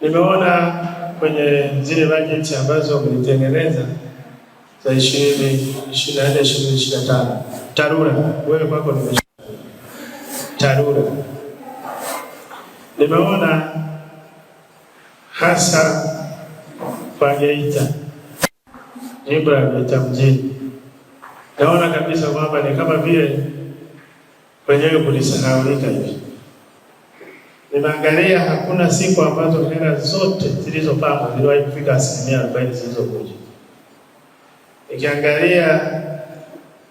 Nimeona kwenye zile bajeti ambazo mlitengeneza za ishirini ishirini na nne ishirini ishirini na tano TARURA, wewe kwako nime TARURA, nimeona hasa kwa Geita, jimbo la Geita mjini, naona kabisa kwamba ni kama vile wenyewe kulisahaulika hivi Nimeangalia hakuna siku ambazo hela zote zilizopangwa ziliwahi kufika asilimia arobaini zilizokuja. Nikiangalia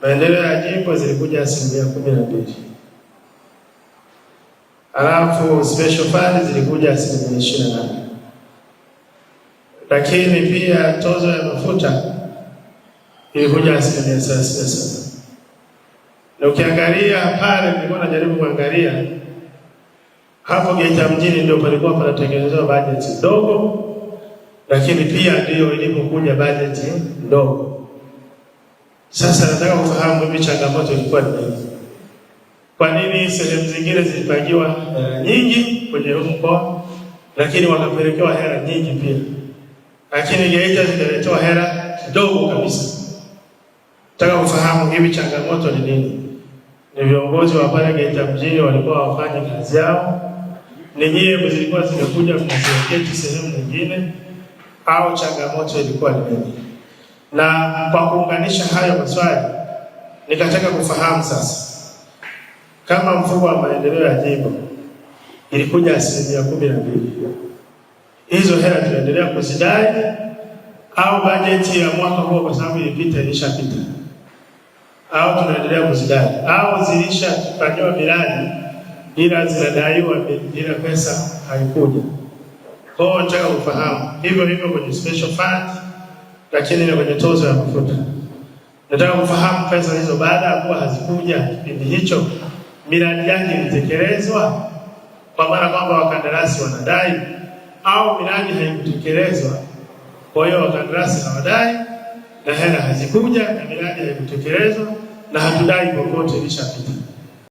maendeleo ya jimbo zilikuja asilimia kumi na mbili alafu special fund zilikuja asilimia ishirini na nane lakini pia tozo ya mafuta ilikuja asilimia thelathini na saba na ukiangalia pale, nilikuwa najaribu kuangalia hapo Geita mjini ndio palikuwa panatengenezewa bajeti ndogo, lakini pia ndiyo ilipokuja bajeti ndogo. Sasa nataka kufahamu hivi changamoto ilikuwa ni nini? Kwa nini sehemu zingine zilipangiwa hela eh, nyingi kwenye huu mkoa, lakini wakapelekewa hela nyingi pia, lakini Geita zikaletewa hela ndogo kabisa? Nataka kufahamu hivi changamoto ni nini? Ni viongozi wa pale Geita mjini walikuwa wafanye kazi yao lenyewe zilikuwa zimekuja kuketi sehemu nyingine, au changamoto ilikuwa ni nini? Na kwa kuunganisha hayo maswali, nikataka kufahamu sasa, kama mfuko wa maendeleo ya jimbo ilikuja asilimia kumi na mbili, hizo hela tunaendelea kuzidai au bajeti ya mwaka huo kwa sababu ilipita ilishapita, au tunaendelea kuzidai au zilishafanyiwa miradi ila zinadaiwa bila pesa haikuja. Kwa hiyo nataka ufahamu hivyo hivyo kwenye special fund, lakini ni kwenye tozo ya mafuta. Nataka kufahamu pesa hizo baada ya kuwa hazikuja kipindi hicho, miradi yake ilitekelezwa kwa maana kwamba wakandarasi wanadai, au miradi haikutekelezwa, kwa hiyo wakandarasi hawadai na hela hazikuja na miradi haikutekelezwa na hatudai popote ilishapita.